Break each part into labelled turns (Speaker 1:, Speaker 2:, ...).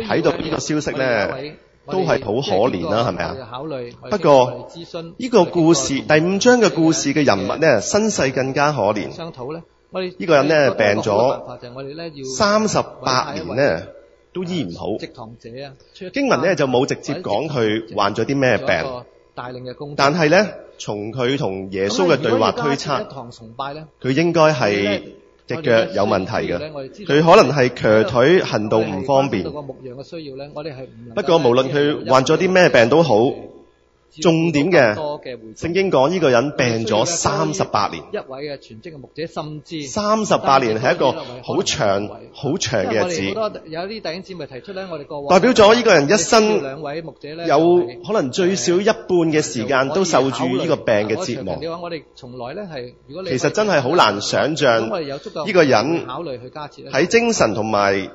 Speaker 1: 睇到邊個消息呢？
Speaker 2: 都係好可憐啦，係咪啊？
Speaker 1: 不過呢個
Speaker 2: 故事第五章嘅故事嘅人物呢，身世更加可憐。
Speaker 1: 呢個人呢，病咗三十八年呢，都醫唔好。直堂者啊，經文呢，就冇直接講佢
Speaker 2: 患咗啲咩病。
Speaker 1: 但
Speaker 2: 係呢，從佢同耶穌嘅對話推測，佢應該係，隻腳有問題嘅，佢可能係瘸腿，行動唔方便。
Speaker 1: 不，不
Speaker 2: 過，無論佢患咗啲咩病都好。重點嘅聖經講呢個人病咗三十八年，
Speaker 1: 一位嘅全職嘅牧者甚至
Speaker 2: 三十八年係一個好長好長嘅日子。
Speaker 1: 有啲頂尖咪提出咧，我哋過代表咗呢個人一生兩位牧者咧，有
Speaker 2: 可能最少一半嘅時間都受住呢個病嘅折磨。
Speaker 1: 我哋從來咧係，如果你其實真係好難
Speaker 2: 想像呢個人喺精神同埋。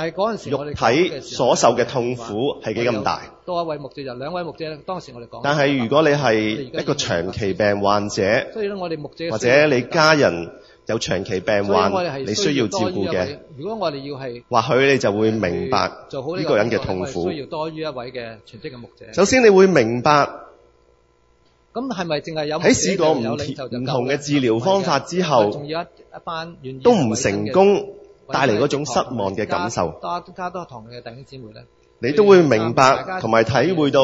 Speaker 1: 但係嗰陣時，肉體
Speaker 2: 所受嘅痛苦係幾咁大。
Speaker 1: 多一位牧者就兩位牧者，當時我哋講。但係
Speaker 2: 如果你係一個長期病患者，
Speaker 1: 所以我哋牧者或者你
Speaker 2: 家人有長期病患，你需要照顧嘅。
Speaker 1: 如果我哋要係，
Speaker 2: 或許你就會明白做好呢個人嘅痛苦。需要多於一位
Speaker 1: 嘅全職嘅牧者。首先
Speaker 2: 你會明白，
Speaker 1: 咁係咪淨係有喺試過唔同嘅治療方法之後，都唔成功？帶嚟嗰種失
Speaker 2: 望嘅感受。
Speaker 1: 大家都係同嘅弟兄姊妹咧。你都會明白同埋體會到，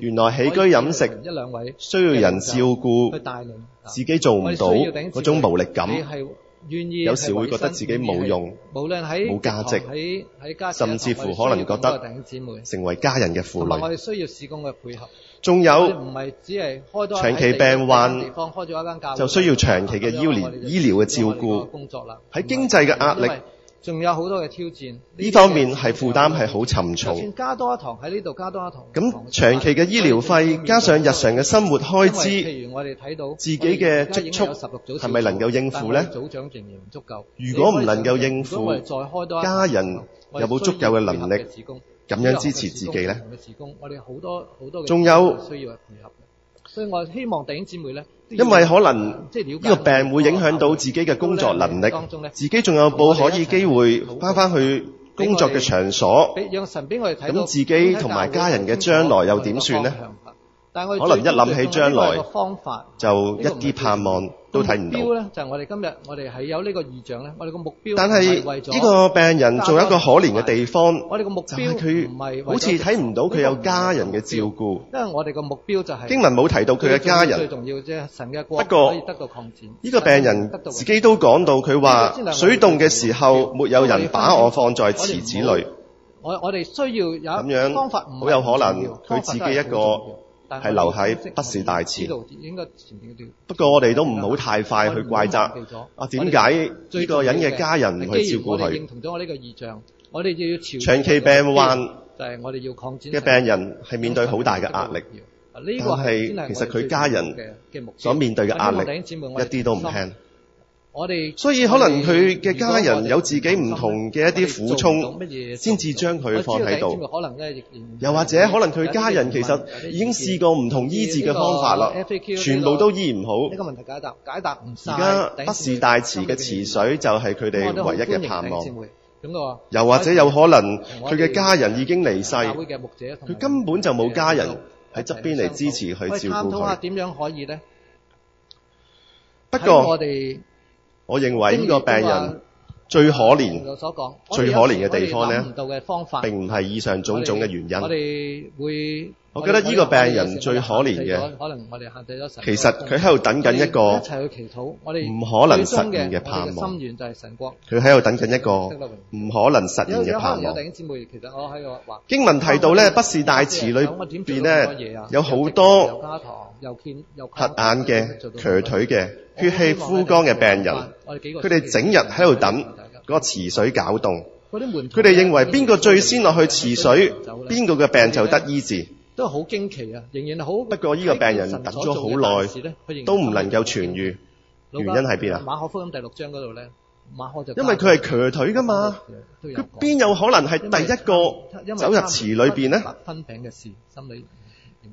Speaker 1: 原來起居飲食、需要人照顧、
Speaker 2: 自己做唔到嗰種無力感，
Speaker 1: 有時會覺得自己冇用、冇價值，甚至乎可能覺得
Speaker 2: 成為家人嘅負累。我哋
Speaker 1: 需要市工嘅配合。仲有唔係只係長期病患就需要
Speaker 2: 長期嘅醫療醫療嘅照顧，喺經濟嘅壓力，
Speaker 1: 仲有好多嘅挑戰，
Speaker 2: 呢方面係負擔係好沉重。
Speaker 1: 加多一堂喺呢度加多一堂。
Speaker 2: 咁長期嘅醫療費加上日常嘅生活開支，
Speaker 1: 自己嘅積蓄係咪能夠應付呢？組長仍然唔足夠，如果唔能夠應付，再開多家人有冇足夠嘅能力？咁樣支持自己呢？我哋好多，仲有，所以我希望弟兄姊妹呢，因為可能呢個
Speaker 2: 病會影響到自己嘅工作能力，自己仲有冇可以機會翻返去工作嘅場所。
Speaker 1: 咁自己同埋家人嘅
Speaker 2: 將來又點算呢？
Speaker 1: 但係我可能一諗起將來，
Speaker 2: 就一啲盼望都睇唔到。目標
Speaker 1: 咧就係我哋今日，我哋係有呢個異象咧。我哋個目標，但係呢個病人仲有一個可
Speaker 2: 憐嘅地方，我
Speaker 1: 哋個目標唔係好似睇
Speaker 2: 唔到佢有家人嘅照顧。
Speaker 1: 因為我哋個目標就係經文冇提到佢嘅家人。最重要即係神嘅國，不過可以得到擴展。呢個病人自
Speaker 2: 己都講到，佢話水凍嘅時候，沒有人把我放在池子裡。
Speaker 1: 我我哋需要有一方法，好有可能佢自己一個。係留喺
Speaker 2: 不大是大廈。不過我哋都唔好太快去怪責。啊，點解呢個人嘅家人唔去照顧佢？我哋認
Speaker 1: 同咗我呢個異象，我哋就要朝長期病患。就係我哋要擴展。嘅病人
Speaker 2: 係面對好大嘅壓力。
Speaker 1: 呢個係其實佢家人所面對嘅壓力，一啲都唔輕。所以可能佢嘅家人
Speaker 2: 有自己唔同嘅一啲苦衷，先至將佢放喺度。又或者可能佢家人其實已經試過唔同醫治嘅方法啦，全部都醫唔好。
Speaker 1: 而家不是
Speaker 2: 大池嘅池水，就係佢哋唯一嘅盼望。
Speaker 1: 又或者有可
Speaker 2: 能佢嘅家人已經離世，佢根本就冇家人喺側邊嚟支持佢照顧佢。可以探討
Speaker 1: 下點樣可以咧？不過我哋。
Speaker 2: 我認為呢個病人最可憐，最可憐嘅地方咧，並唔係以上種種嘅原因。
Speaker 1: 我我覺得呢個病人最可憐嘅，可能我哋限制咗。其實佢喺度等緊一個一齊去祈禱。我哋唔可能實現嘅盼望。佢喺度等緊一個
Speaker 2: 唔可能實現嘅盼望。
Speaker 1: 有經文提到呢畢士大池裏邊呢有好多瞎眼嘅、瘸腿嘅、
Speaker 2: 血氣枯乾嘅病人，佢哋整日喺度等嗰個池水攪動。
Speaker 1: 佢哋認為邊個最
Speaker 2: 先落去池水，邊個嘅病就得醫治。
Speaker 1: 都係好驚奇啊！仍然係好。不過呢個病人等咗好耐，都唔能夠痊癒，原因係邊啊？馬可福音第六章嗰度咧，馬可就因為佢係瘸腿㗎嘛，佢邊有可能係第一個走入池裏邊咧？分餅嘅事，心理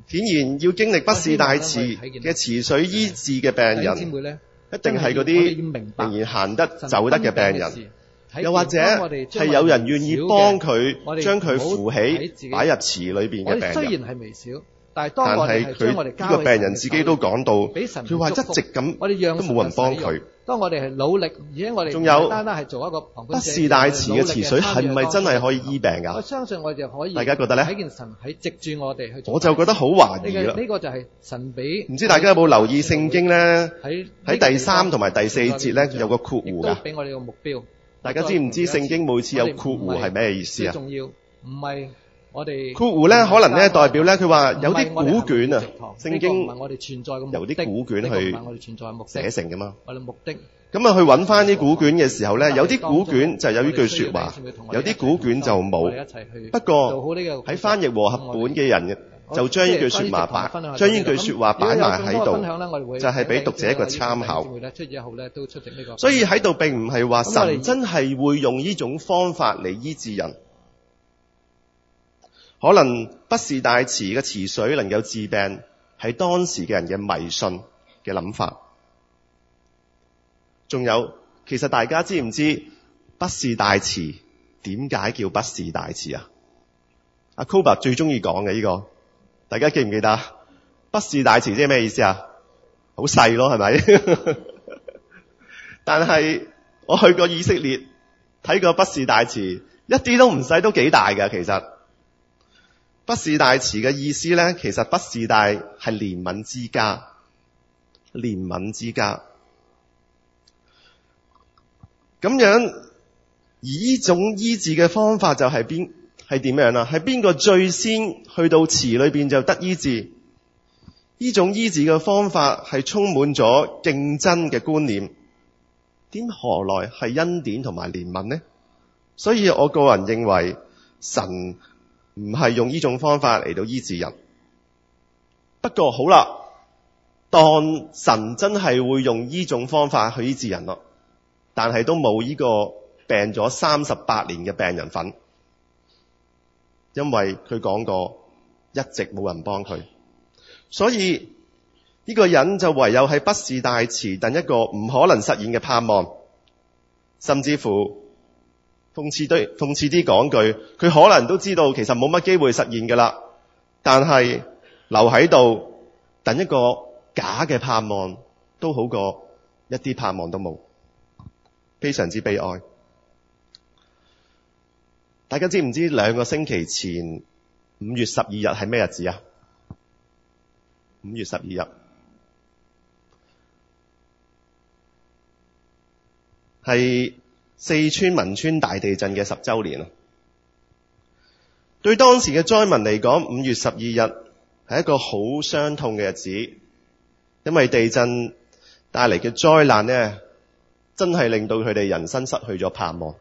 Speaker 2: 顯然要經歷畢士大池嘅池水醫治嘅病人，
Speaker 1: 一定係嗰啲
Speaker 2: 仍然行得走得嘅病人。
Speaker 1: 又或者係有人
Speaker 2: 願意幫佢將佢扶起，擺入池裏邊嘅病人。我哋雖然
Speaker 1: 係微小，但係當我哋係我哋加嘅病人自己
Speaker 2: 都講到，佢話一直咁，都冇人幫佢。
Speaker 1: 當我哋係努力，而且我哋仲有單單係做一個旁觀者。畢士大池嘅池水係咪真係可
Speaker 2: 以醫病㗎？我
Speaker 1: 相信我哋可以。大家覺得咧？喺件神喺直住我哋去做。我就覺得好懷疑啦。呢個就係神俾唔知大家有冇
Speaker 2: 留意聖經咧？
Speaker 1: 喺喺第三
Speaker 2: 同埋第四節咧有個括弧㗎。俾
Speaker 1: 我哋個目標。大家知唔知聖
Speaker 2: 經每次有括弧係咩意思啊？唔重要，
Speaker 1: 唔係我哋括弧咧，uh、呢可能咧代
Speaker 2: 表咧，佢話有啲古卷啊，聖是經由啲古卷去寫成噶嘛。我哋目的咁啊，去揾翻啲古卷嘅時候咧，是有啲古卷就有呢句説話，中有啲古卷就冇。不過喺翻譯和合本嘅人。 就將呢句説話擺呢句説話擺埋喺度， 就係俾讀者一個參考。
Speaker 1: 所以喺度並唔係話神真
Speaker 2: 係會用呢種方法嚟醫治人， 可能不是大池嘅池水能夠治病，係當時嘅人嘅迷信嘅諗法。仲有，其實大家知唔知不是大池點解叫不是大池啊？阿 Kobe 最中意講嘅呢個。大家記唔記得？不是大池即係咩意思啊？好細咯，係咪？ 但係我去過以色列，睇過不是大池，一啲都唔細，都幾大嘅。其實不是大池嘅意思咧，其實不是大係憐憫之家，憐憫之家。咁樣而呢種醫治嘅方法就係邊？係點樣呀？係邊個最先去到池裏邊就得醫治？呢種醫治嘅方法係充滿咗競爭嘅觀念，點何來係恩典同埋憐憫呢？所以我個人認為神唔係用呢種方法嚟到醫治人。不過好啦，當神真係會用呢種方法去醫治人咯，但係都冇呢個病咗三十八年嘅病人份。因為佢講過，一直冇人幫佢，所以呢個人就唯有喺不是大辭，等一個唔可能實現嘅盼望，甚至乎諷刺對諷刺啲講句，佢可能都知道其實冇乜機會實現噶啦，但係留喺度等一個假嘅盼望，都好過一啲盼望都冇，非常之悲哀。大家知唔知兩個星期前五月十二日係咩日子啊？五月十二日係四川汶川大地震嘅十週年。對當時嘅災民嚟講，五月十二日係一個好傷痛嘅日子，因為地震帶嚟嘅災難呢，真係令到佢哋人生失去咗盼望。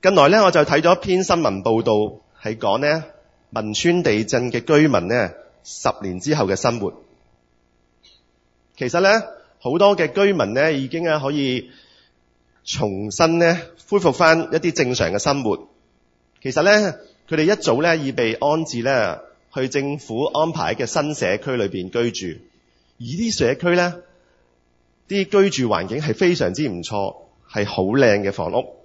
Speaker 2: 近來咧，我就睇咗一篇新聞報道，係講呢汶川地震嘅居民咧，十年之後嘅生活。其實呢，好多嘅居民咧已經啊可以重新咧恢復翻一啲正常嘅生活。其實呢，佢哋一早呢已被安置呢去政府安排嘅新社區裏邊居住，而啲社區呢，啲居住環境係非常之唔錯，係好靚嘅房屋。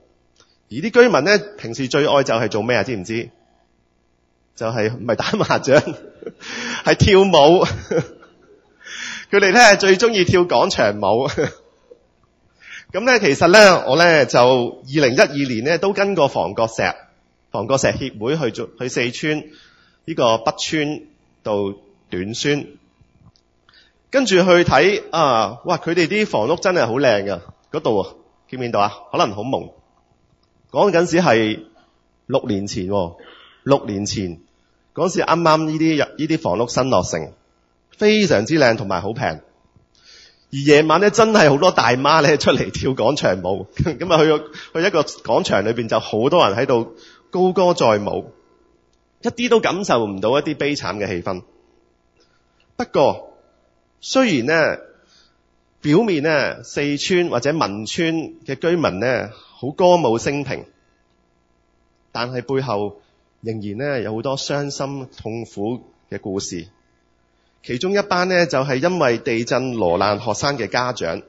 Speaker 2: 而啲居民咧，平時最愛就係做咩啊？知唔知？就係唔係打麻將，係 跳舞。佢哋咧最中意跳廣場舞。咁 咧，其實咧，我咧就二零一二年咧都跟過房角石房角石協會去做去四川呢、呢個北川到短宣，跟住去睇啊！哇，佢哋啲房屋真係好靚噶，嗰度見唔見到啊？可能好朦。講緊時係六年前，六年前嗰時啱啱呢啲呢啲房屋新落成，非常之靚同埋好平。而夜晚咧，真係好多大媽咧出嚟跳廣場舞，咁啊去去一個廣場裏邊就好多人喺度高歌再舞，一啲都感受唔到一啲悲慘嘅氣氛。不過雖然呢，表面呢，四川或者汶川嘅居民呢，好歌舞升平，但係背後仍然咧有好多傷心痛苦嘅故事。其中一班咧就係、是、因為地震罹難學生嘅家長，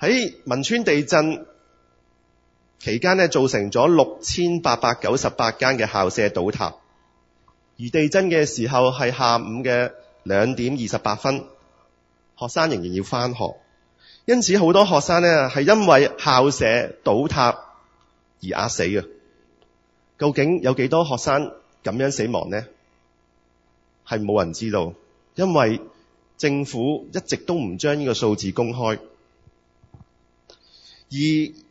Speaker 2: 喺汶川地震期間咧造成咗六千八百九十八間嘅校舍倒塌。而地震嘅時候係下午嘅兩點二十八分，學生仍然要返學。因此好多學生呢，係因為校舍倒塌而壓死嘅。究竟有幾多學生咁樣死亡呢？係冇人知道，因為政府一直都唔將呢個數字公開。而因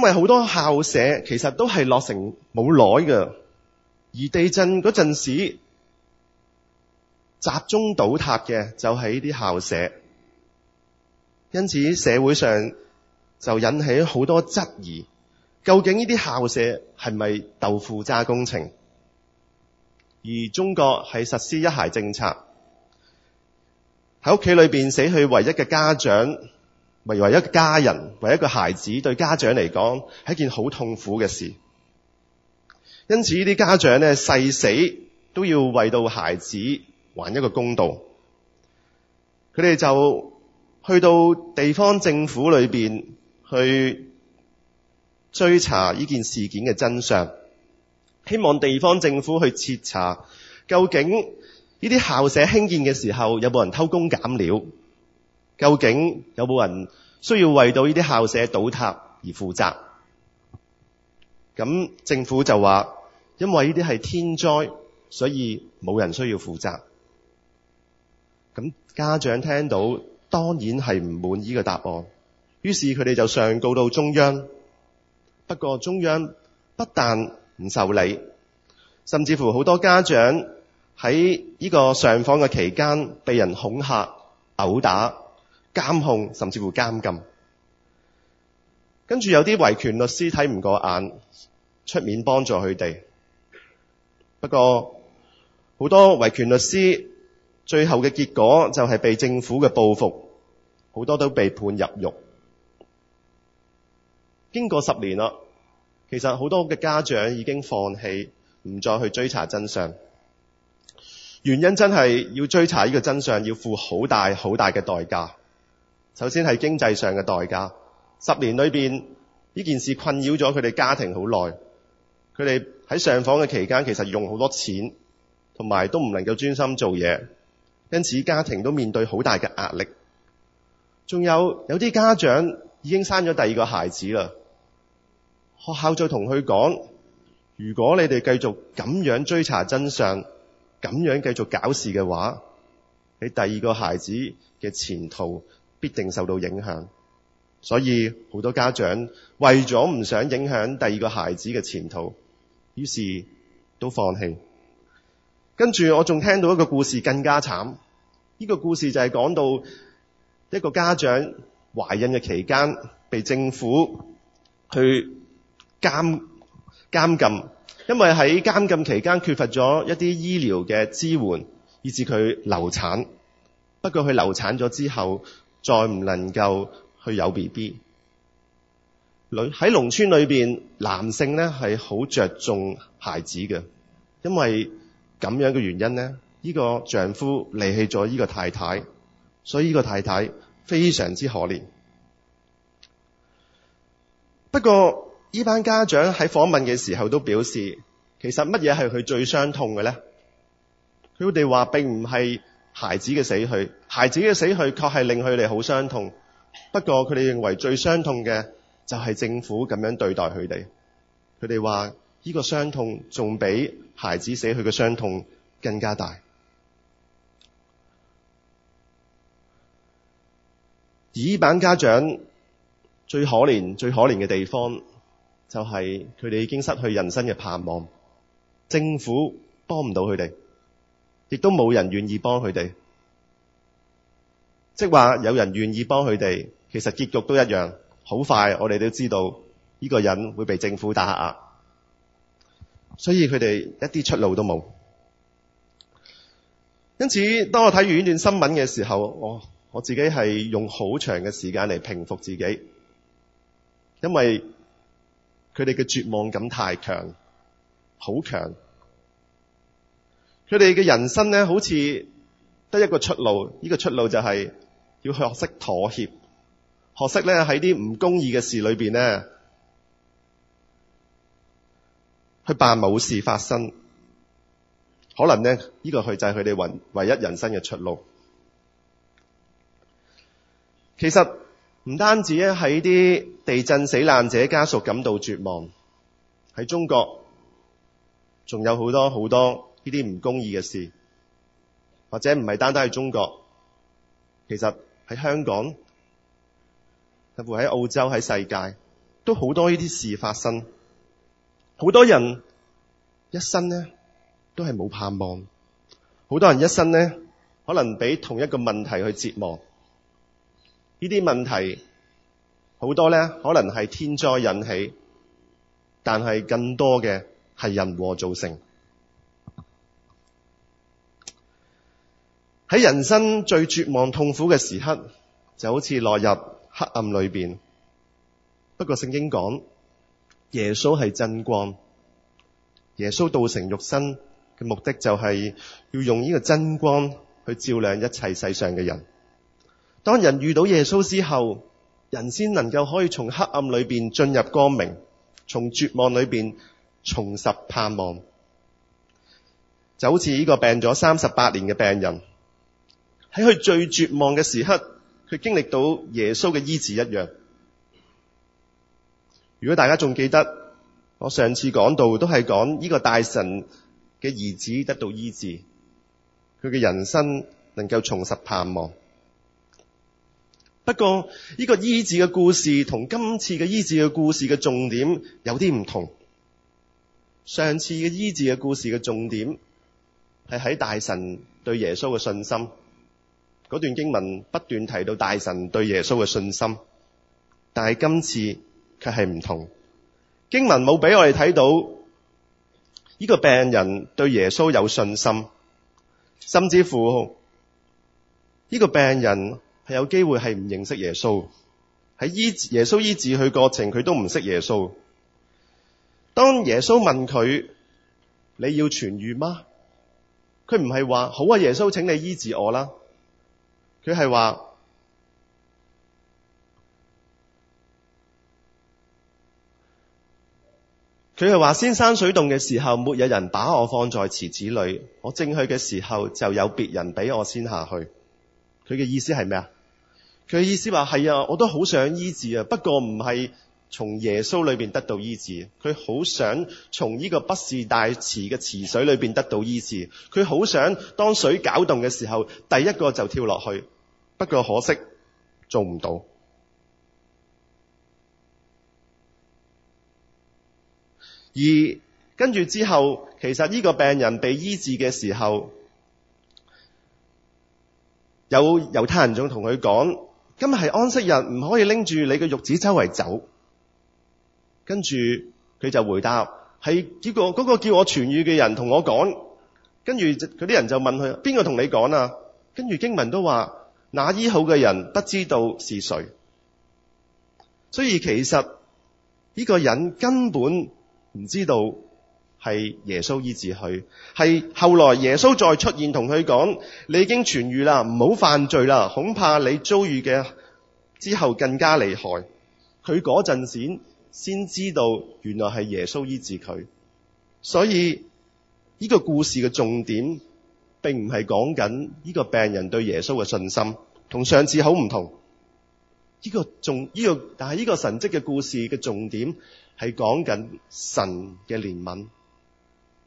Speaker 2: 為好多校舍其實都係落成冇耐嘅，而地震嗰陣時集中倒塌嘅就係呢啲校舍。因此社會上就引起好多質疑，究竟呢啲校舍係咪豆腐渣工程？而中國係實施一孩政策，喺屋企裏邊死去唯一嘅家長，為唯一家人，為一個孩子，對家長嚟講係一件好痛苦嘅事。因此呢啲家長呢，誓死都要為到孩子還一個公道，佢哋就。去到地方政府裏邊去追查呢件事件嘅真相，希望地方政府去徹查究竟呢啲校舍興建嘅時候有冇人偷工減料，究竟有冇人需要為到呢啲校舍倒塌而負責？咁政府就話，因為呢啲係天災，所以冇人需要負責。咁家長聽到。當然係唔滿意嘅答案，於是佢哋就上告到中央。不過中央不但唔受理，甚至乎好多家長喺呢個上訪嘅期間被人恐嚇、毆打、監控，甚至乎監禁。跟住有啲維權律師睇唔過眼，出面幫助佢哋。不過好多維權律師。最後嘅結果就係被政府嘅報復，好多都被判入獄。經過十年啦，其實好多嘅家長已經放棄，唔再去追查真相。原因真係要追查呢個真相，要付好大好大嘅代價。首先係經濟上嘅代價，十年裏邊呢件事困擾咗佢哋家庭好耐。佢哋喺上訪嘅期間，其實用好多錢，同埋都唔能夠專心做嘢。因此家庭都面對好大嘅壓力，仲有有啲家長已經生咗第二個孩子啦。學校再同佢講，如果你哋繼續咁樣追查真相，咁樣繼續搞事嘅話，你第二個孩子嘅前途必定受到影響。所以好多家長為咗唔想影響第二個孩子嘅前途，於是都放棄。跟住我仲聽到一個故事更加慘，呢個故事就係講到一個家長懷孕嘅期間被政府去監監禁，因為喺監禁期間缺乏咗一啲醫療嘅支援，以致佢流產。不過佢流產咗之後，再唔能夠去有 BB。喺農村裏邊，男性呢係好着重孩子嘅，因為咁樣嘅原因呢，呢個丈夫離棄咗依個太太，所以呢個太太非常之可憐。不過，呢班家長喺訪問嘅時候都表示，其實乜嘢係佢最傷痛嘅呢？佢哋話並唔係孩子嘅死去，孩子嘅死去確係令佢哋好傷痛。不過，佢哋認為最傷痛嘅就係政府咁樣對待佢哋。佢哋話，呢個傷痛仲比孩子死去嘅傷痛更加大。耳板家長最可憐、最可憐嘅地方就係佢哋已經失去人生嘅盼望，政府幫唔到佢哋，亦都冇人願意幫佢哋。即係話有人願意幫佢哋，其實結局都一樣，好快我哋都知道呢個人會被政府打壓。所以佢哋一啲出路都冇，因此當我睇完呢段新聞嘅時候，我我自己係用好長嘅時間嚟平復自己，因為佢哋嘅絕望感太強，好強，佢哋嘅人生呢，好似得一個出路，呢個出路就係要去學識妥協，學識咧喺啲唔公義嘅事裏邊呢。去扮冇事發生，可能呢，呢個去就係佢哋唯唯一人生嘅出路。其實唔單止咧喺啲地震死難者家屬感到絕望，喺中國仲有好多好多呢啲唔公義嘅事，或者唔係單單係中國，其實喺香港、喺喺澳洲、喺世界都好多呢啲事發生。好多人一生呢都係冇盼望，好多人一生呢可能俾同一個問題去折磨，呢啲問題好多呢可能係天災引起，但係更多嘅係人禍造成。喺人生最絕望痛苦嘅時刻，就好似落入黑暗裡面。不過聖經講。耶穌係真光，耶穌道成肉身嘅目的就係要用呢個真光去照亮一切世上嘅人。當人遇到耶穌之後，人先能夠可以從黑暗裏邊進入光明，從絕望裏邊重拾盼望。就好似呢個病咗三十八年嘅病人，喺佢最絕望嘅時刻，佢經歷到耶穌嘅醫治一樣。如果大家仲記得我上次講到，都係講呢個大神嘅兒子得到醫治，佢嘅人生能夠重拾盼望。不過呢個醫治嘅故事同今次嘅醫治嘅故事嘅重點有啲唔同。上次嘅醫治嘅故事嘅重點係喺大神對耶穌嘅信心，嗰段經文不斷提到大神對耶穌嘅信心，但係今次。佢係唔同，經文冇俾我哋睇到，呢個病人對耶穌有信心，甚至乎呢個病人係有機會係唔認識耶穌，喺醫耶穌醫治佢過程，佢都唔識耶穌。當耶穌問佢，你要痊癒嗎？佢唔係話好啊，耶穌請你醫治我啦。佢係話。佢係話先生水動嘅時候，沒有人把我放在池子裡。我正去嘅時候，就有別人俾我先下去。佢嘅意思係咩啊？佢嘅意思話係啊，我都好想醫治啊，不過唔係從耶穌裏邊得到醫治。佢好想從呢個畢士大池嘅池水裏邊得到醫治。佢好想當水攪動嘅時候，第一個就跳落去。不過可惜，做唔到。而跟住之後，其實呢個病人被醫治嘅時候，有猶太人仲同佢講：今日係安息日，唔可以拎住你嘅褥子周圍走。跟住佢就回答：係，結果嗰個叫我痊愈嘅人同我講。跟住佢啲人就問佢：邊個同你講啊？跟住經文都話：那醫好嘅人不知道是誰。所以其實呢、這個人根本。唔知道係耶穌醫治佢，係後來耶穌再出現同佢講：你已經痊愈啦，唔好犯罪啦，恐怕你遭遇嘅之後更加厲害。佢陣時先知道原來係耶穌醫治佢，所以呢個故事嘅重點並唔係講緊呢個病人對耶穌嘅信心，同上次好唔同。呢、這個重呢、這個，但係呢個神蹟嘅故事嘅重點係講緊神嘅憐憫，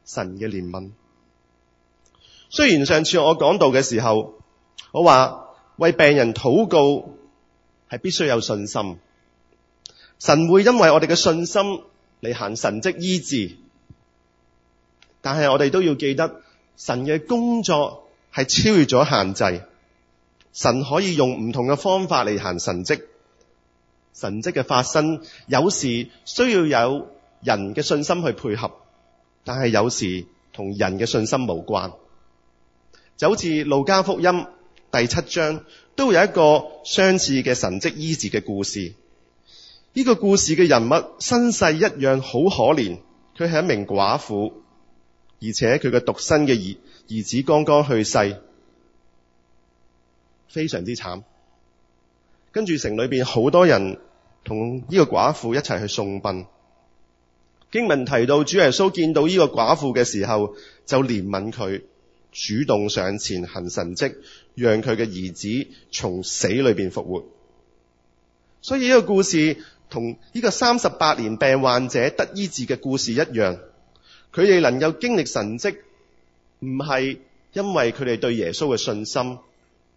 Speaker 2: 神嘅憐憫。雖然上次我講道嘅時候，我話為病人禱告係必須有信心，神會因為我哋嘅信心嚟行神蹟醫治。但係我哋都要記得，神嘅工作係超越咗限制。神可以用唔同嘅方法嚟行神蹟，神蹟嘅發生有時需要有人嘅信心去配合，但係有時同人嘅信心無關。就好似路加福音第七章，都有一個相似嘅神蹟醫治嘅故事。呢個故事嘅人物身世一樣好可憐，佢係一名寡婦，而且佢嘅獨生嘅兒兒子剛剛去世。非常之慘，跟住城裏邊好多人同呢個寡婦一齊去送殯。經文提到，主耶穌見到呢個寡婦嘅時候，就憐憫佢，主動上前行神蹟，讓佢嘅兒子從死裏邊復活。所以呢個故事同呢個三十八年病患者得醫治嘅故事一樣，佢哋能夠經歷神蹟，唔係因為佢哋對耶穌嘅信心。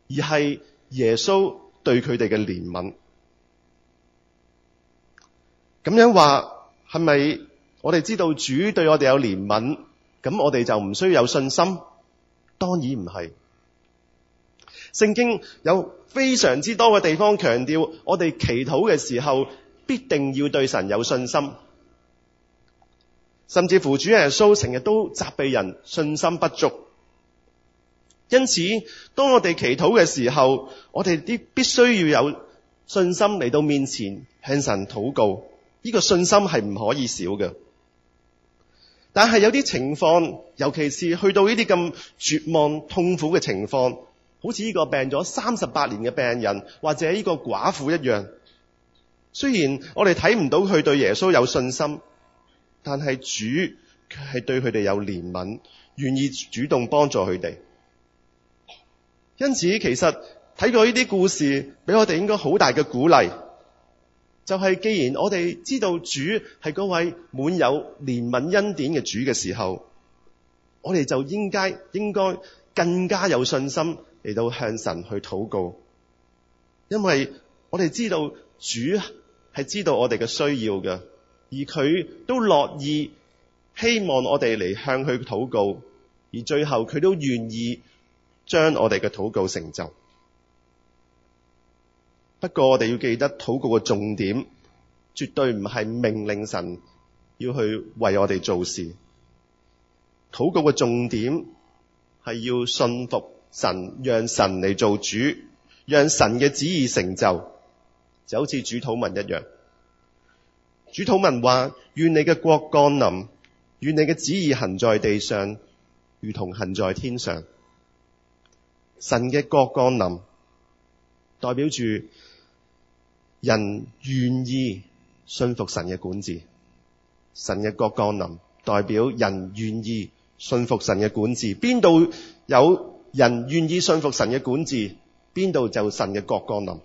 Speaker 2: 而係耶穌對佢哋嘅憐憫，咁樣話，係咪是是我哋知道主對我哋有憐憫，咁我哋就唔需要有信心？當然唔係。聖經有非常之多嘅地方強調，我哋祈禱嘅時候必定要對神有信心，甚至乎主耶穌成日都責備人信心不足。因此，當我哋祈禱嘅時候，我哋啲必須要有信心嚟到面前向神禱告。呢個信心係唔可以少嘅。但係有啲情況，尤其是去到呢啲咁絕望、痛苦嘅情況，好似呢個病咗三十八年嘅病人，或者呢個寡婦一樣。雖然我哋睇唔到佢對耶穌有信心，但係主係對佢哋有憐憫，願意主動幫助佢哋。因此，其實睇過呢啲故事，俾我哋應該好大嘅鼓勵。就係既然我哋知道主係嗰位滿有憐憫恩典嘅主嘅時候，我哋就應該應該更加有信心嚟到向神去禱告。因為我哋知道主係知道我哋嘅需要嘅，而佢都樂意希望我哋嚟向佢禱告，而最後佢都願意。將我哋嘅禱告成就。不過我哋要記得禱告嘅重點，絕對唔係命令神要去為我哋做事。禱告嘅重點係要信服神，讓神嚟做主，讓神嘅旨意成就，就好似主禱文一樣。主禱文話：願你嘅國降臨，願你嘅旨意行在地上，如同行在天上。神嘅國降臨，代表住人願意信服神嘅管治。神嘅國降臨，代表人願意信服神嘅管治。邊度有人願意信服神嘅管治，邊度就神嘅國降臨。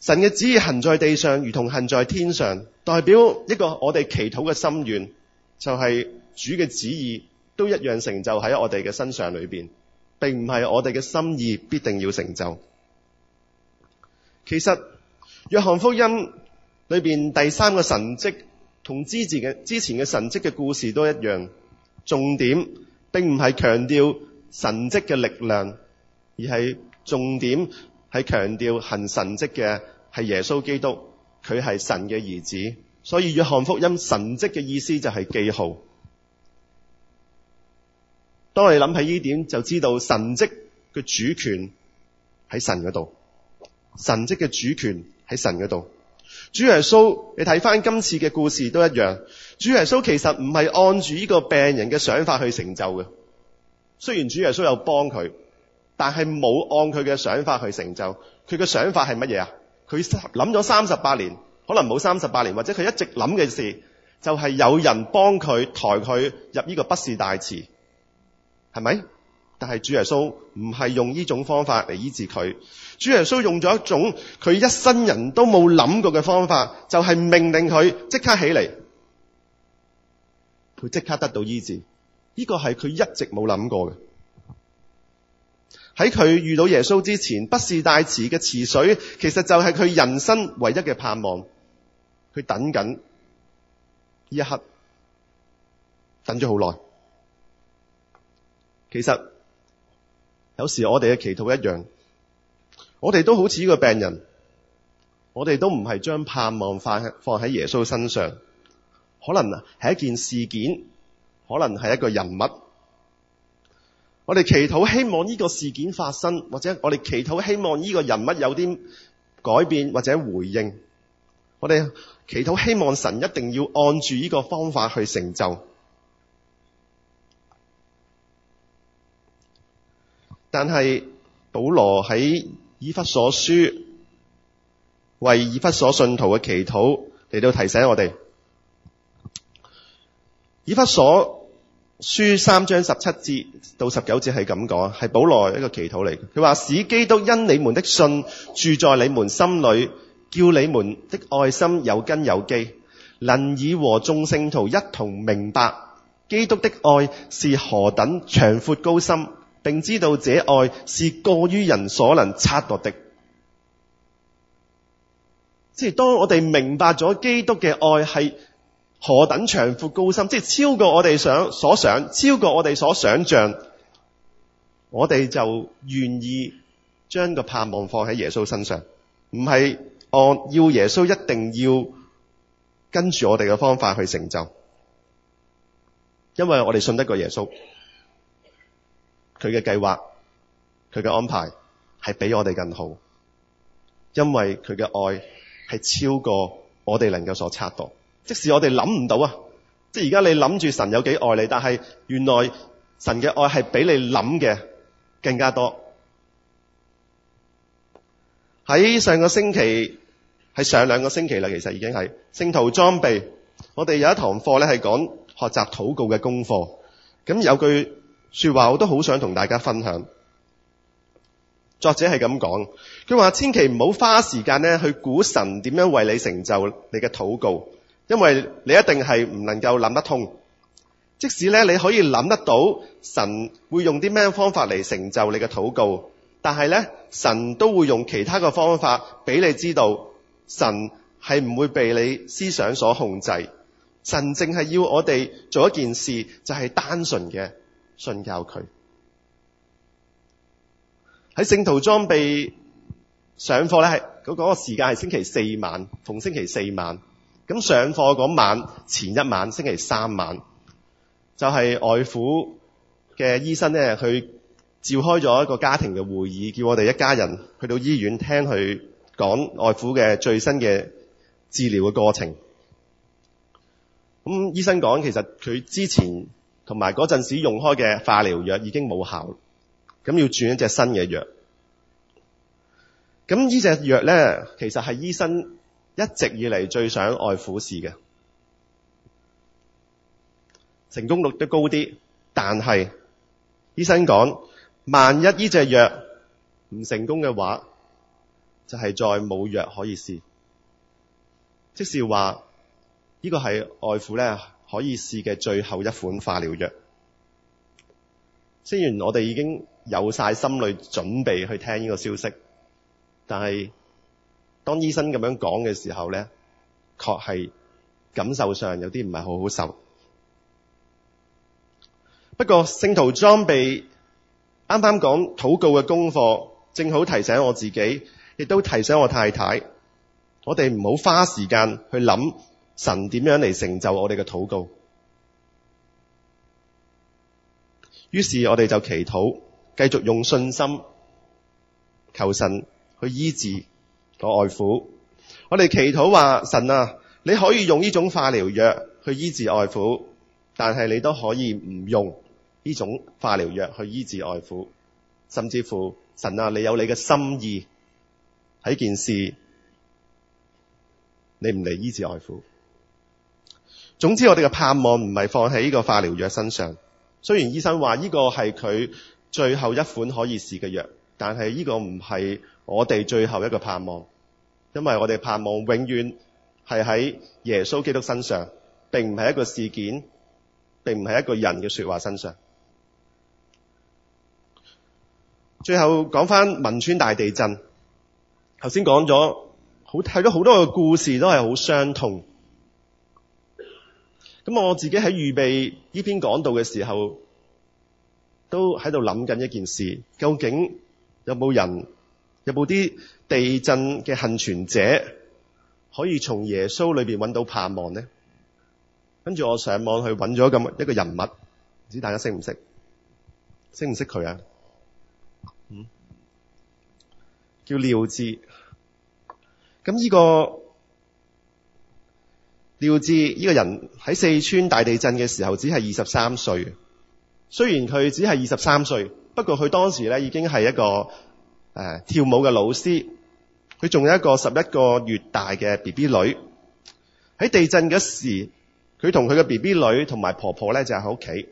Speaker 2: 神嘅旨意行在地上，如同行在天上，代表一個我哋祈禱嘅心願，就係主嘅旨意。都一樣成就喺我哋嘅身上裏邊，並唔係我哋嘅心意必定要成就。其實約翰福音裏邊第三個神蹟同之前嘅、之前嘅神迹嘅故事都一樣，重點並唔係強調神蹟嘅力量，而係重點係強調行神蹟嘅係耶穌基督，佢係神嘅兒子。所以約翰福音神迹嘅意思就係記號。當你諗起呢點，就知道神迹嘅主權喺神嗰度。神迹嘅主權喺神嗰度。主耶穌，你睇翻今次嘅故事都一樣。主耶穌其實唔係按住呢個病人嘅想法去成就嘅。雖然主耶穌有幫佢，但係冇按佢嘅想法去成就。佢嘅想法係乜嘢啊？佢諗咗三十八年，可能冇三十八年，或者佢一直諗嘅事就係、是、有人幫佢抬佢入呢個畢士大池。係咪？但係主耶穌唔係用呢種方法嚟醫治佢，主耶穌用咗一種佢一生人都冇諗過嘅方法，就係、是、命令佢即刻起嚟，佢即刻得到醫治。呢、這個係佢一直冇諗過嘅。喺佢遇到耶穌之前，畢士大池嘅池水，其實就係佢人生唯一嘅盼望，佢等緊呢一刻，等咗好耐。其實有時我哋嘅祈禱一樣，我哋都好似呢個病人，我哋都唔係將盼望放喺放喺耶穌身上，可能係一件事件，可能係一個人物，我哋祈禱希望呢個事件發生，或者我哋祈禱希望呢個人物有啲改變或者回應，我哋祈禱希望神一定要按住呢個方法去成就。但係保羅喺以弗所書為以弗所信徒嘅祈禱嚟到提醒我哋，以弗所書三章十七節到十九節係咁講，係保羅一個祈禱嚟。佢話，使基督因你們的信住在你們心裏，叫你們的愛心有根有基，能以和眾聖徒一同明白基督的愛是何等長闊高深。並知道這愛是過於人所能測度的。即係當我哋明白咗基督嘅愛係何等長闊高深，即係超過我哋想所想，超過我哋所想象，我哋就願意將個盼望放喺耶穌身上，唔係按要耶穌一定要跟住我哋嘅方法去成就，因為我哋信得過耶穌。佢嘅計劃，佢嘅安排係比我哋更好，因為佢嘅愛係超過我哋能夠所測度，即使我哋諗唔到啊！即係而家你諗住神有幾愛你，但係原來神嘅愛係比你諗嘅更加多。喺上個星期，喺上兩個星期啦，其實已經係聖徒裝備。我哋有一堂課咧，係講學習禱告嘅功課。咁有句。說話我都好想同大家分享。作者係咁講，佢話：千祈唔好花時間咧去估神點樣為你成就你嘅禱告，因為你一定係唔能夠諗得通。即使咧你可以諗得到神會用啲咩方法嚟成就你嘅禱告，但係咧神都會用其他嘅方法俾你知道，神係唔會被你思想所控制。神淨係要我哋做一件事，就係單純嘅。信教佢喺聖徒裝備上課咧，係嗰嗰個時間係星期四晚，逢星期四晚。咁上課嗰晚前一晚星期三晚，就係外父嘅醫生咧去召開咗一個家庭嘅會議，叫我哋一家人去到醫院聽佢講外父嘅最新嘅治療嘅過程。咁醫生講，其實佢之前。同埋嗰陣時用開嘅化療藥已經冇效，咁要轉一隻新嘅藥。咁呢隻藥呢，其實係醫生一直以嚟最想外苦試嘅，成功率都高啲。但係醫生講，萬一呢隻藥唔成功嘅話，就係、是、再冇藥可以試。即是話，呢、這個係外苦呢，可以試嘅最後一款化療藥。雖然我哋已經有晒心裏準備去聽呢個消息，但係當醫生咁樣講嘅時候呢，確係感受上有啲唔係好好受。不過聖徒裝備啱啱講禱告嘅功課，正好提醒我自己，亦都提醒我太太，我哋唔好花時間去諗。神點樣嚟成就我哋嘅禱告？於是我哋就祈禱，繼續用信心求神去醫治個外父。我哋祈禱話：神啊，你可以用呢種化療藥去醫治外父，但係你都可以唔用呢種化療藥去醫治外父。甚至乎，神啊，你有你嘅心意喺件事，你唔嚟醫治外父。總之我哋嘅盼望唔係放喺呢個化療藥身上，雖然醫生話呢個係佢最後一款可以試嘅藥，但係呢個唔係我哋最後一個盼望，因為我哋盼望永遠係喺耶穌基督身上，並唔係一個事件，並唔係一個人嘅說話身上。最後講翻汶川大地震，頭先講咗好睇咗好多個故事都係好傷痛。咁我自己喺預備呢篇講道嘅時候，都喺度諗緊一件事，究竟有冇人有冇啲地震嘅幸存者，可以從耶穌裏邊揾到盼望呢？跟住我上網去揾咗咁一個人物，唔知大家識唔識？識唔識佢啊？嗯，叫廖智。咁呢、呢個。料知呢個人喺四川大地震嘅時候只係二十三歲，雖然佢只係二十三歲，不過佢當時咧已經係一個誒、呃、跳舞嘅老師，佢仲有一個十一個月大嘅 B B 女。喺地震嗰時，佢同佢嘅 B B 女同埋婆婆咧就喺屋企。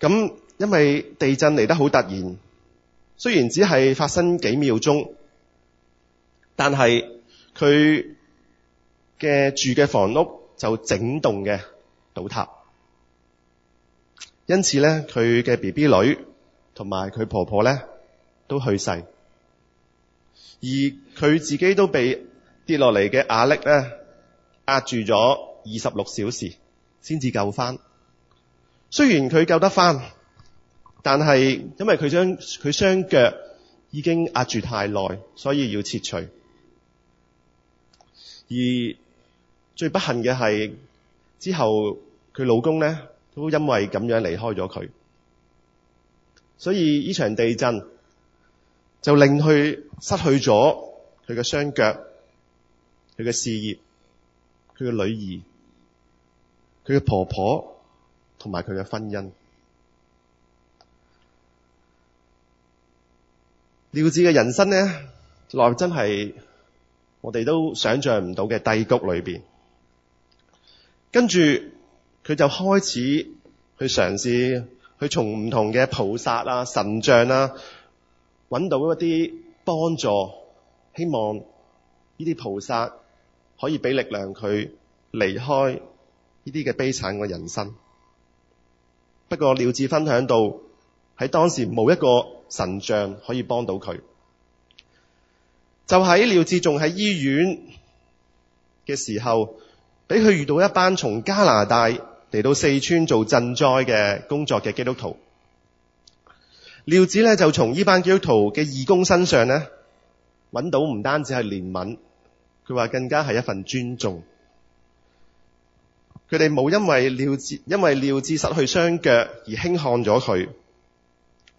Speaker 2: 咁因為地震嚟得好突然，雖然只係發生幾秒鐘，但係佢。嘅住嘅房屋就整棟嘅倒塌，因此咧佢嘅 BB 女同埋佢婆婆咧都去世，而佢自己都被跌落嚟嘅瓦礫咧壓住咗二十六小時先至救翻。雖然佢救得翻，但係因為佢將佢雙腳已經壓住太耐，所以要切除而。最不幸嘅係，之後佢老公咧都因為咁樣離開咗佢，所以呢場地震就令佢失去咗佢嘅雙腳、佢嘅事業、佢嘅女兒、佢嘅婆婆同埋佢嘅婚姻。廖智嘅人生咧，內真係我哋都想象唔到嘅低谷裏邊。跟住佢就開始去嘗試去從唔同嘅菩薩啊、神像啊揾到一啲幫助，希望呢啲菩薩可以俾力量佢離開呢啲嘅悲慘嘅人生。不過廖智分享到喺當時冇一個神像可以幫到佢，就喺廖智仲喺醫院嘅時候。俾佢遇到一班從加拿大嚟到四川做賑災嘅工作嘅基督徒，廖智咧就從呢班基督徒嘅義工身上咧，揾到唔單止係憐憫，佢話更加係一份尊重。佢哋冇因為廖智因為廖智失去雙腳而輕看咗佢，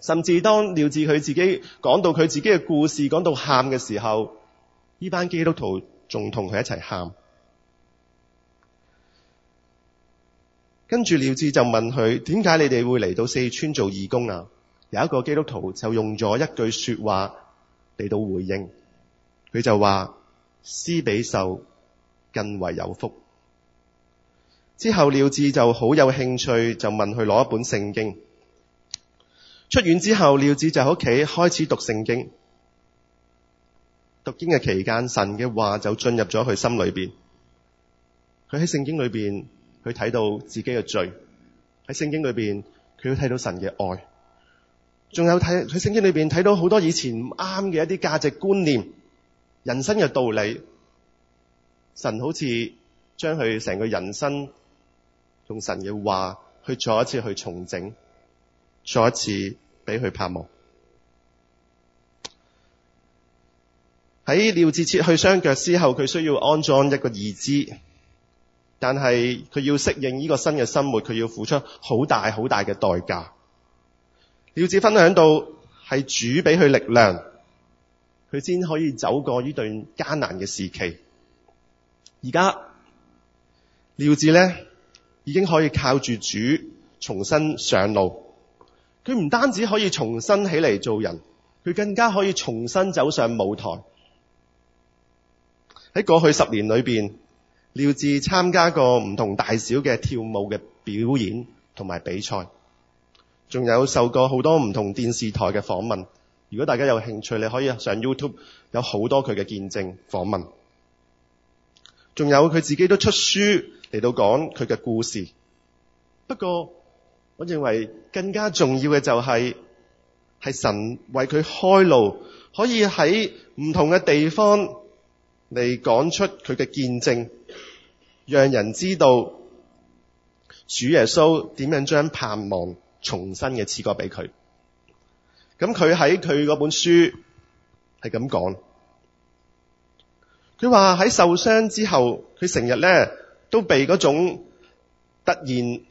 Speaker 2: 甚至當廖智佢自己講到佢自己嘅故事，講到喊嘅時候，呢班基督徒仲同佢一齊喊。跟住廖智就問佢：點解你哋會嚟到四川做義工啊？有一個基督徒就用咗一句說話嚟到回應，佢就話：施比受更為有福。之後廖智就好有興趣，就問佢攞一本聖經。出院之後，廖智就喺屋企開始讀聖經。讀經嘅期間，神嘅話就進入咗佢心裏邊。佢喺聖經裏邊。佢睇到自己嘅罪，喺聖經裏邊佢都睇到神嘅愛，仲有睇喺聖經裏邊睇到好多以前唔啱嘅一啲價值觀念、人生嘅道理。神好似將佢成個人生用神嘅話去再一次去重整，再一次俾佢盼望。喺廖智切去雙腳之後，佢需要安裝一個義肢。但係佢要適應呢個新嘅生活，佢要付出好大好大嘅代價。廖智分享到，係主俾佢力量，佢先可以走過呢段艱難嘅時期。而家廖智呢已經可以靠住主重新上路，佢唔單止可以重新起嚟做人，佢更加可以重新走上舞台。喺過去十年裏邊。廖智參加過唔同大小嘅跳舞嘅表演同埋比賽，仲有受過好多唔同電視台嘅訪問。如果大家有興趣，你可以上 YouTube 有好多佢嘅見證訪問。仲有佢自己都出書嚟到講佢嘅故事。不過，我認為更加重要嘅就係係神為佢開路，可以喺唔同嘅地方，嚟講出佢嘅見證，讓人知道主耶穌點樣將盼望重新嘅賜過俾佢。咁佢喺佢嗰本書係咁講，佢話喺受傷之後，佢成日咧都被嗰種突然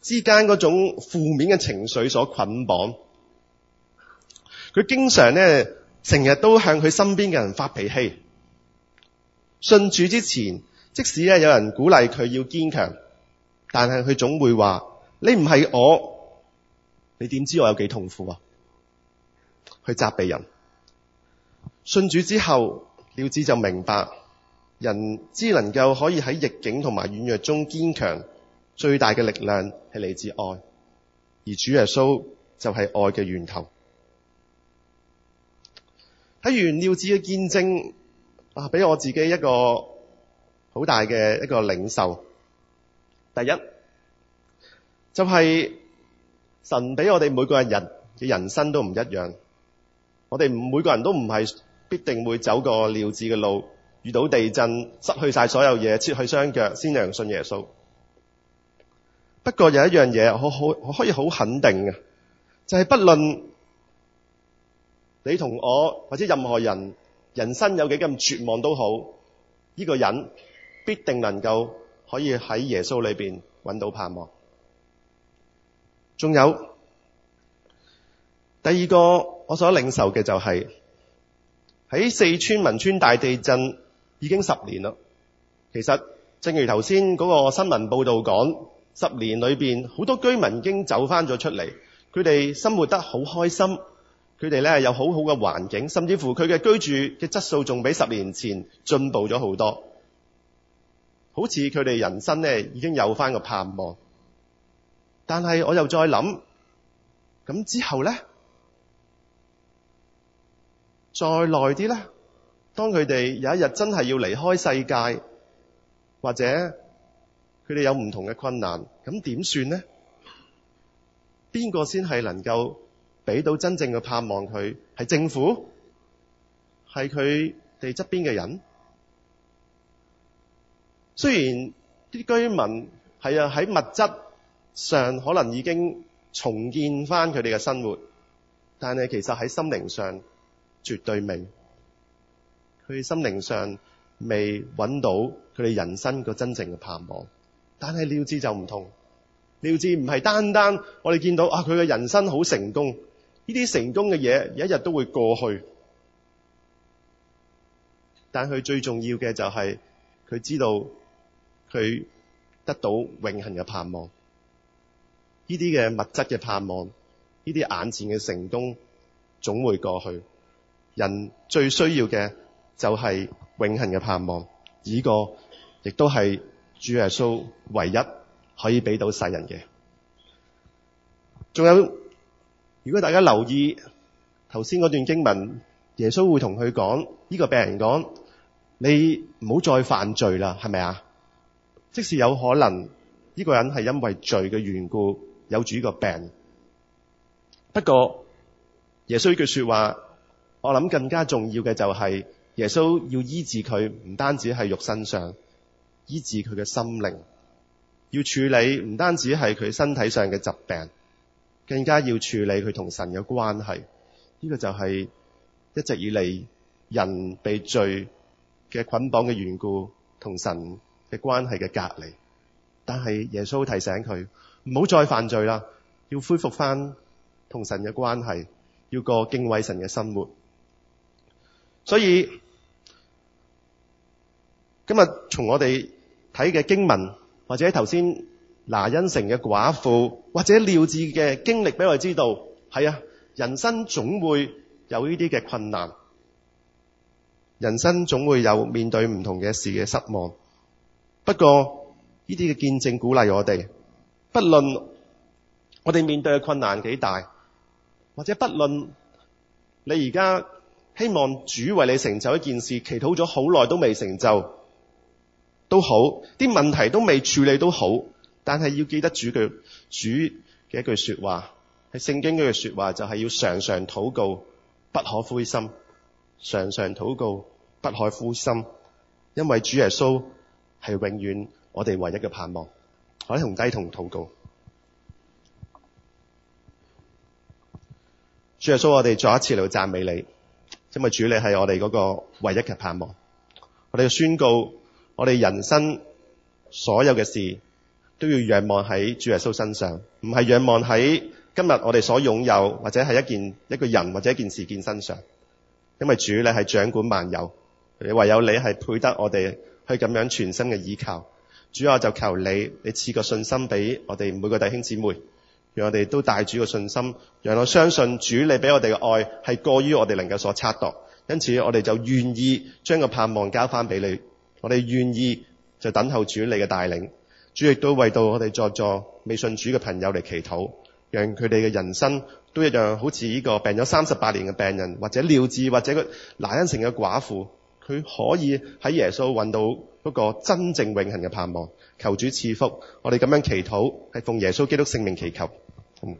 Speaker 2: 之間嗰種負面嘅情緒所捆綁。佢經常咧成日都向佢身邊嘅人發脾氣。信主之前，即使咧有人鼓勵佢要堅強，但係佢總會話：你唔係我，你點知我有幾痛苦啊？去責備人。信主之後，廖子就明白，人只能夠可以喺逆境同埋軟弱中堅強，最大嘅力量係嚟自愛，而主耶穌就係愛嘅源頭。睇完廖子嘅見證。啊！俾我自己一個好大嘅一個領袖。第一就係、是、神俾我哋每個人嘅人生都唔一樣。我哋每個人都唔係必定會走過廖智嘅路，遇到地震失去晒所有嘢，切去雙腳先良信耶穌。不過有一樣嘢，好好可以好肯定嘅，就係、是、不論你同我或者任何人。人生有幾咁絕望都好，呢個人必定能夠可以喺耶穌裏邊揾到盼望。仲有第二個我所領受嘅就係喺四川汶川大地震已經十年啦。其實正如頭先嗰個新聞報導講，十年裏邊好多居民已經走翻咗出嚟，佢哋生活得好開心。佢哋咧有好好嘅環境，甚至乎佢嘅居住嘅質素仲比十年前進步咗好多。好似佢哋人生呢已經有翻個盼望，但係我又再諗，咁之後呢，再耐啲呢，當佢哋有一日真係要離開世界，或者佢哋有唔同嘅困難，咁點算呢？邊個先係能夠？俾到真正嘅盼望，佢係政府，係佢哋側邊嘅人。雖然啲居民係啊，喺物質上可能已經重建翻佢哋嘅生活，但係其實喺心靈上絕對未。佢心靈上未揾到佢哋人生個真正嘅盼望。但係廖智就唔同，廖智唔係單單我哋見到啊，佢嘅人生好成功。呢啲成功嘅嘢，一日都會過去。但佢最重要嘅就係佢知道佢得到永恆嘅盼望。呢啲嘅物質嘅盼望，呢啲眼前嘅成功總會過去。人最需要嘅就係永恆嘅盼望，呢個亦都係主耶穌唯一可以俾到世人嘅。仲有。如果大家留意頭先嗰段經文，耶穌會同佢講：呢個病人講，你唔好再犯罪啦，係咪啊？即使有可能呢個人係因為罪嘅緣故有住個病，不過耶穌呢句說話，我諗更加重要嘅就係耶穌要醫治佢，唔單止係肉身上醫治佢嘅心靈，要處理唔單止係佢身體上嘅疾病。更加要處理佢同神嘅關係，呢個就係一直以嚟人被罪嘅捆綁嘅緣故，同神嘅關係嘅隔離。但係耶穌提醒佢，唔好再犯罪啦，要恢復翻同神嘅關係，要過敬畏神嘅生活。所以今日從我哋睇嘅經文，或者頭先，拿因城嘅寡婦或者廖智嘅經歷俾我哋知道，係啊，人生總會有呢啲嘅困難，人生總會有面對唔同嘅事嘅失望。不過呢啲嘅見證鼓勵我哋，不論我哋面對嘅困難幾大，或者不論你而家希望主為你成就一件事，祈禱咗好耐都未成就，都好，啲問題都未處理都好。但係要記得主句主嘅一句說話，係聖經嗰句說話，就係要常常禱告，不可灰心，常常禱告，不可灰心，因為主耶穌係永遠我哋唯一嘅盼望，可以同低同禱告。主耶穌，我哋再一次嚟到讚美你，因為主你係我哋嗰個唯一嘅盼望。我哋要宣告，我哋人生所有嘅事。都要仰望喺主耶穌身上，唔係仰望喺今日我哋所擁有或者係一件一個人或者一件事件身上，因為主你係掌管萬有，你唯有你係配得我哋去咁樣全心嘅依靠。主，我就求你，你賜個信心俾我哋每個弟兄姊妹，讓我哋都帶住個信心，讓我相信主你俾我哋嘅愛係過於我哋能夠所測度。因此，我哋就願意將個盼望交翻俾你，我哋願意就等候主你嘅帶領。主亦都為到我哋在座未信主嘅朋友嚟祈禱，讓佢哋嘅人生都一樣，好似呢個病咗三十八年嘅病人，或者廖智，或者拿因城嘅寡婦，佢可以喺耶穌揾到一個真正永恆嘅盼望。求主賜福，我哋咁樣祈禱係奉耶穌基督聖名祈求。嗯